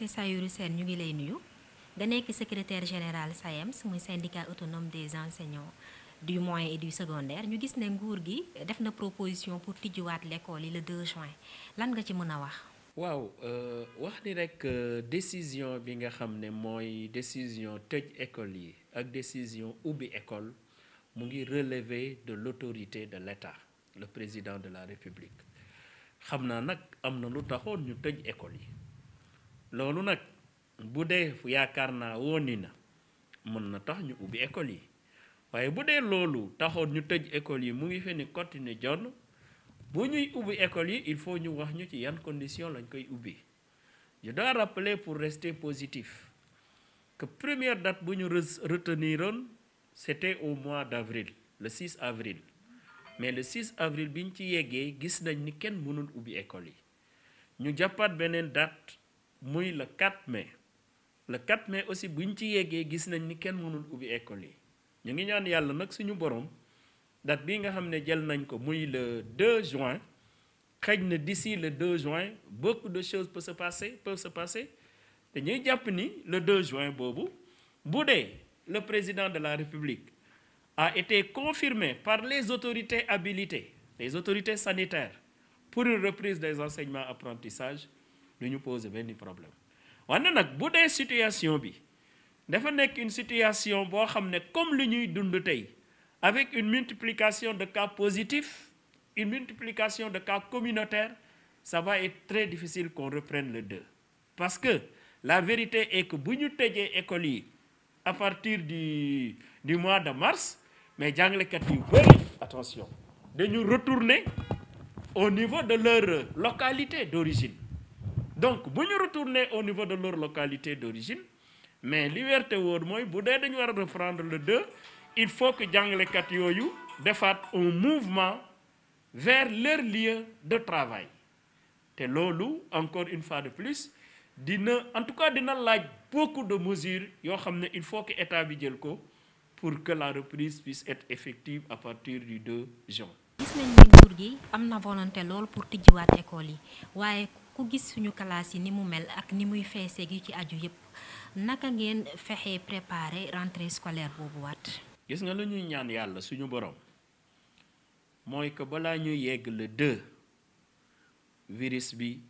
monsieur Sayuru Sène ñu ngi lay nuyu secrétaire général SAEMS le syndicat autonome des enseignants du moyen et du secondaire ñu gis ne nguur gi def na proposition pour de l'école le 2 juin lan nga ci mën dire wax waaw euh, wax que euh, la décision bi nga xam moy décision de l'école ak décision de école mu ngi de l'autorité de l'État le président de la République Nous naa que nous na lu taxoon ñu loolu nag bu dee yaakaar naa woon ni na mën na tax ñu ubbi école yi waaye bu dee loolu taxoon ñu tëj école yi mu ngi fi ni continuer jonn bu ñuy ubbi école yi il faut ñu wax ñu ci yan condition lañ koy ubbi je dois rappeler pour rester positif que première date bu ñu retenir oon c'était au mois d'avril le 6 avril mais le 6 avril bi ñu ci yeggee gis nañ ni kenn mënul ubbi école yi ñu jàppaat beneen dat le 4 mai le 4 mai aussi buñ ci a gis nañ ni kenn mënul écolés. école ñu ngi le 2 juin d'ici le 2 juin beaucoup de choses peuvent se passer peuvent se passer ñuy le 2 juin Bobu, le président de la république a été confirmé par les autorités habilitées les autorités sanitaires pour une reprise des enseignements apprentissages nous pose poser problèmes. problème On nak situation bi dafa une situation comme li ñuy dund avec une multiplication de cas positifs une multiplication de cas communautaires ça va être très difficile qu'on reprenne les deux parce que la vérité est que si nous école à partir du mois de mars mais de nous attention nous retourner au niveau de leur localité d'origine donc bu ñu retourner au niveau de leur localité d'origine mais li werte wóor mooy bu dañu reprendre le 2, il faut que kat yoyu defaat un mouvement vers leur lieu de travail té lolu encore une fois de plus dina en tout cas dina laaj beaucoup de mesures yo xamné il faut que état bi jël ko pour que la reprise puisse être effective à partir du 2 juin. gis nañ ni nguur gi amna volonté lool pour tijjiwaat école yi waye ku gis suñu classe yi ni mu mel ak ni muy fessé gi ci aju yépp naka ngeen fexé préparer rentrée scolaire boobu waat. gis nga lu ñuy ñaan yàlla suñu borom mooy que balaa ñuy yegg le 2 virus bi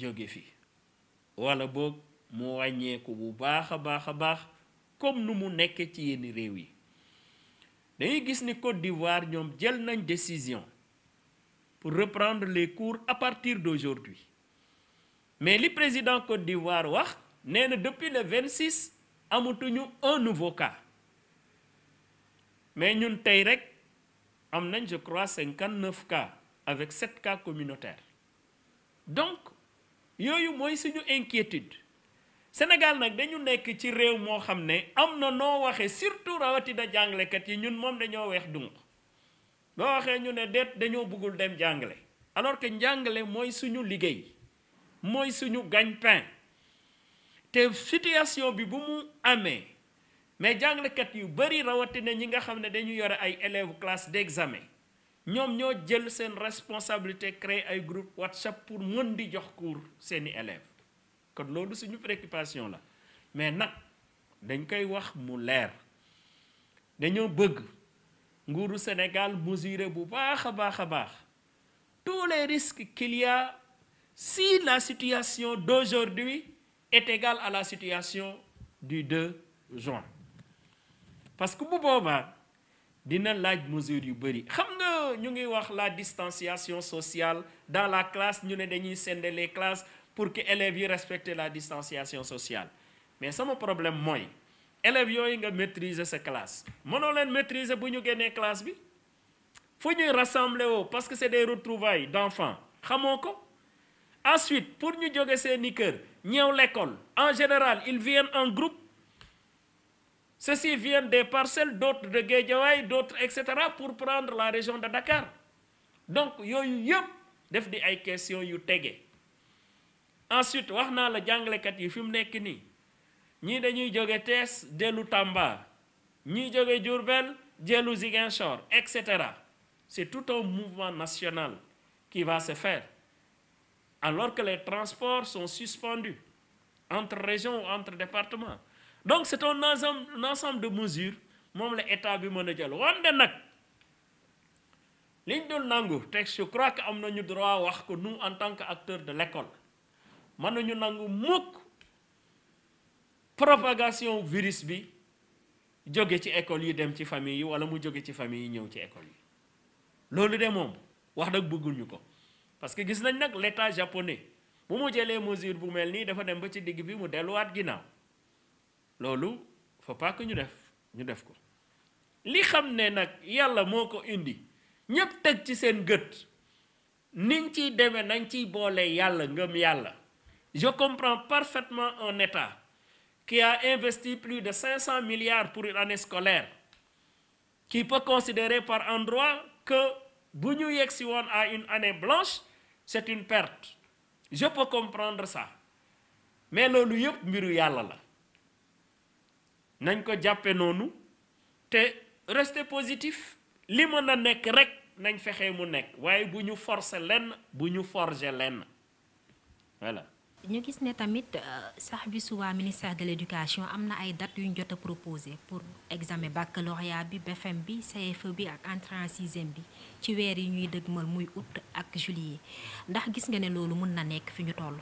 jóge fi wala boog mu wàññeeku bu baax a baax a baax comme nu mu nekkee ci yenn réew yi dañuy gis ni Côte d'Ivoire ñoom jël nañ décision pour reprendre les cours à partir d'aujourd'hui mais le président Côte d'Ivoire wax na depuis le 26 eu un nouveau cas mais nous avons rek je crois 59 cas avec 7 cas communautaires donc yoyu moy suñu inquiétude Sénégal nous dañu nek ci réew mo xamné ne no waxé surtout rawati surtout rawatina kat yi ñun mom dañoo wéx dunq boo waxé ñu né déet dañoo bëggul dem jàngale alors que njàngale moy suñu liguey moy suñu gagne-pain té situation bi bu mu amé mais kat yu bari rawatina ñi nga xamné dañu yore ay élèves classe d'examen ñom ñoo jël sen responsabilité créer ay groupe WhatsApp pour mën di jox cours seeni élèves kon lolu suñu préoccupation la mais nag dañ koy wax mu leer dañoo bëgg nguuru Sénégal mesurer bu baax a baax tous les risques qu'il y a si la situation d'aujourd'hui est égale à la situation du 2 juin parce que bu boobaa dina laaj mesure yu bëri xam nga la distanciation sociale dans la classe Nous ne dañuy de les classes pour que les élèves respectent la distanciation sociale mais c'est mon problème Les élèves doivent nga maîtriser ces classes. Ils leen maîtriser bu ñu une classe bi Faut nous rassembler parce que c'est des retrouvailles d'enfants ensuite pour ñu jóge seeni kër ñëw l'école en général ils viennent en groupe ceux-ci viennent des parcelles d'autres de Guédiawaye d'autres etc., pour prendre la région de Dakar donc il y def di ay question yu ensuite Nous, naa la jàngalekat yi les mu Ni nii des dañuy jóge Thiès dellu Tamba ñii jóge Diourbel dellu Ziguinchor etc. c'est tout un mouvement national qui va se faire alors que les transports sont suspendus entre régions ou entre départements donc c'est un ensemble un de mesures que l'État état bi mën a jël wante qui liñ doon nangu je crois que a le droit wax que nous en tant qu'acteurs de l'école nous avons le droit propagation virus bi joggé ci école yi dem ci famille yi wala mu joggé ci famille yi ñëw ci école yi loolu dé mom wax dëgg bëgguñu ko parce que gis nañ nak l'état japonais bu mu jëlee mesure bu mel nii dafa dem ba ci digg bi mu wat ginnaaw loolu faut pas que ñu def ñu def ko li xamné nak yalla moko indi ñepp teg ci seen gët niñ ciy démé nañ ciy bolé yalla ngëm yalla je comprends parfaitement un état qui a investi plus de 500 milliards pour une année scolaire qui peut considérer par endroit que buñu ñu won à une année blanche c'est une perte je peux comprendre ça mais le yëpp mbiru yàlla la nañ ko jàppe te rester positif li mën a nekk rek nañ fexe mu nekk bu forcer lenn bu forger lenn voilà ñu gis ne tamit euh, sax bi souvent ministère de l' éducation am na ay dates yu ñu jot a proposé pour examen baccalauréat bi BFEM bi CFE bi ak entrée en sixième bi ci weer yi ñuy dëgmal muy août ak juillet ndax gis nga ne loolu mën na nekk fi ñu toll.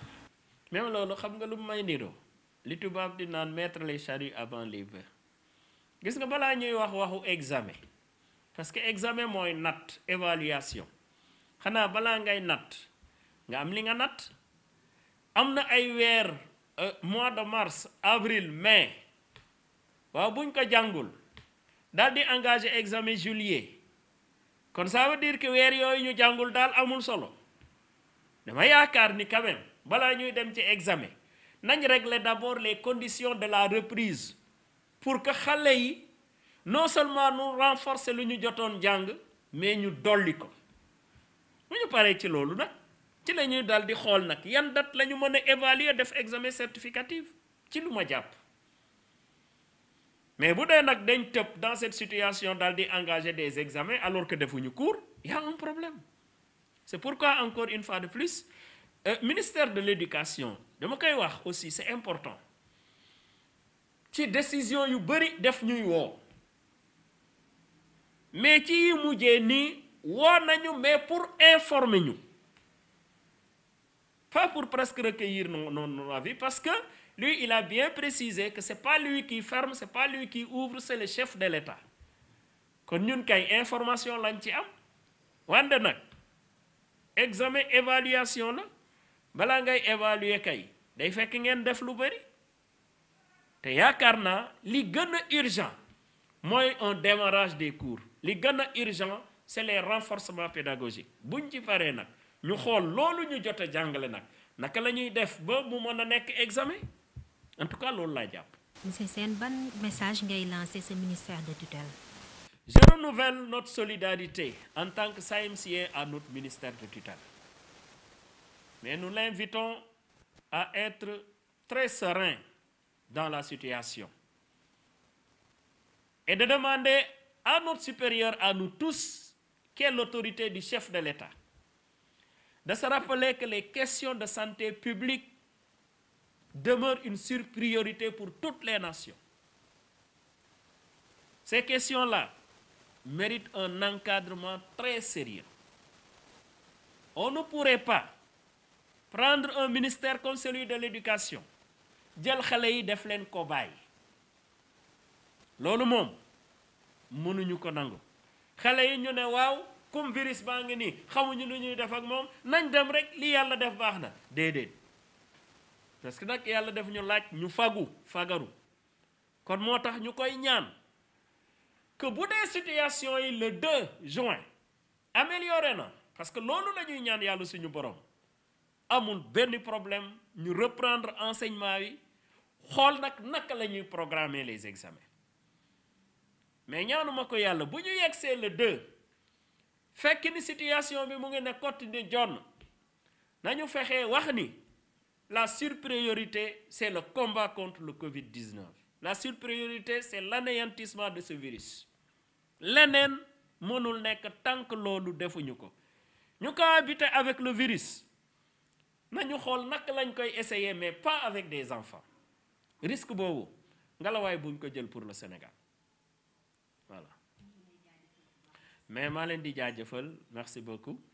même loolu xam nga lu may niroo li tubaab di naan mettre les charrues avant les bœufs gis nga balaa ñuy wax waxu examen parce que examen mooy nat évaluation xanaa balaa ngay natt nga am li nga natt. amna ay weer euh, mois de mars avril mai wa buñ ko jangul dal di engager examen juillet kon ça veut dire que weer yoy ñu jangul dal amul solo dama yaakar ni quand même bala ñuy dem ci examen nañ régler d'abord les conditions de la reprise pour que xalé yi non seulement nous renforcer lu ñu jotone jang mais ñu dolli ko bu ñu paree ci lolu nak ci lañuy ñuy daal di xool nag yan date la mën a évaluer def examen certificatif ci lu ma jàpp mais bu dee nag dans cette situation daal engager des examens alors que defuñu cours il y a un problème c'est pourquoi encore une fois de plus euh, ministère de l'éducation dama koy wax aussi c'est important ci décision yu bëri def ñuy woo mais ci yi mujjee nii woo nañu mais pour informer ñu pas pour presque recueillir nos, avis, parce que lui, il a bien précisé que ce n'est pas lui qui ferme, ce n'est pas lui qui ouvre, c'est le chef de l'État. kon ñun kay information lañ ci am des informations. examen évaluation la balaa ngay évaluer kay day nous avons def lu bëri te y a li gën urgent moi un démarrage des cours li plus urgent c'est les renforcements pédagogiques buñ ci ñu xool loolu ñu nous a jàngale nag naka la ñuy def ba mu mën a examen en tout cas loolu laa jàpp. monsieur Sène ban message ngay lancer ce ministère de tutelle. je renouvelle notre solidarité en tant que SAEMSIens à notre ministère de tutelle mais nous l'invitons à être très serein dans la situation et de demander à notre supérieur à nous tous quelle est l'autorité du chef de l'État de se rappeler que les questions de santé publique demeurent une surpriorité pour toutes les nations. Ces questions-là méritent un encadrement très sérieux. On ne pourrait pas prendre un ministère comme celui de l'éducation comme virus def ak dem rek li def parce que nous yalla def ñu laaj ñu fagu fagaru kon nous, ñukoy que bu situation le 2 juin amélioré na parce que lolu lañuy ñaan yalla suñu borom amul benn problème ñu reprendre enseignement yi xol nak naka lañuy programmer les examens mais nous avons yalla bu ñu le 2 fekk ni situation bi mu ngi ne cotte de jonn nañu fexé wax ni la surpriorité c'est le combat contre le Covid-19 la surpriorité c'est l'anéantissement de ce virus lenen mënul nek tant que defuñu ko ñu habité avec le virus nañu xol nak lañ koy essayer mais pas avec des enfants risque beaucoup ngelawaay buñ ko jël pour le Sénégal voilà mais maa leen di merci beaucoup